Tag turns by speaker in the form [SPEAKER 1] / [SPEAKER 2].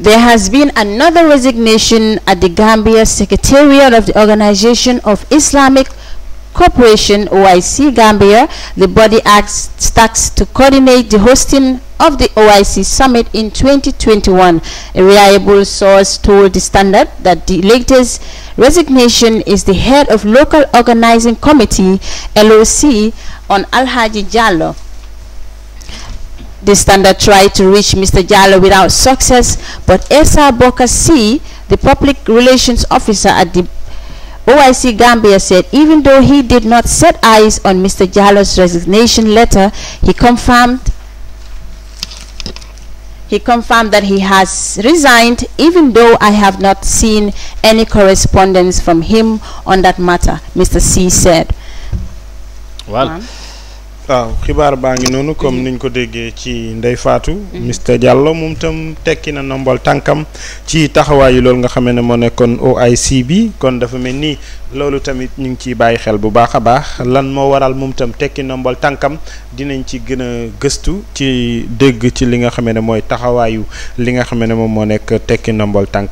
[SPEAKER 1] There has been another resignation at the Gambia Secretariat of the Organization of Islamic Cooperation OIC Gambia. The body acts stacks to coordinate the hosting of the OIC summit in 2021. A reliable source told the Standard that the latest resignation is the head of local organizing committee LOC on Alhaji Jallo the standard tried to reach Mr. Jallo without success, but Esa C, the public relations officer at the OIC Gambia said even though he did not set eyes on Mr. Jallo's resignation letter, he confirmed he confirmed that he has resigned even though I have not seen any correspondence from him on that matter, Mr. C said.
[SPEAKER 2] Well, um. waaw xibaar baa ngi noonu comme mhm. niñ ko déggee ci Ndeye Fatou. Mr mhm. Diallo moom itam tekki na ndombal tànkam ci taxawaayu loolu nga xame ne moo nekkoon OIC bi kon dafa mel ni loolu tamit ñu ngi ciy bàyyi xel bu baax a baax lan moo waral moom itam tekki ndombal tànkam dinañ ci gën a gëstu ci dégg ci li nga xamee ne mooy taxawaayu li nga xamee ne moom moo nekk tekki ndombal tànkam.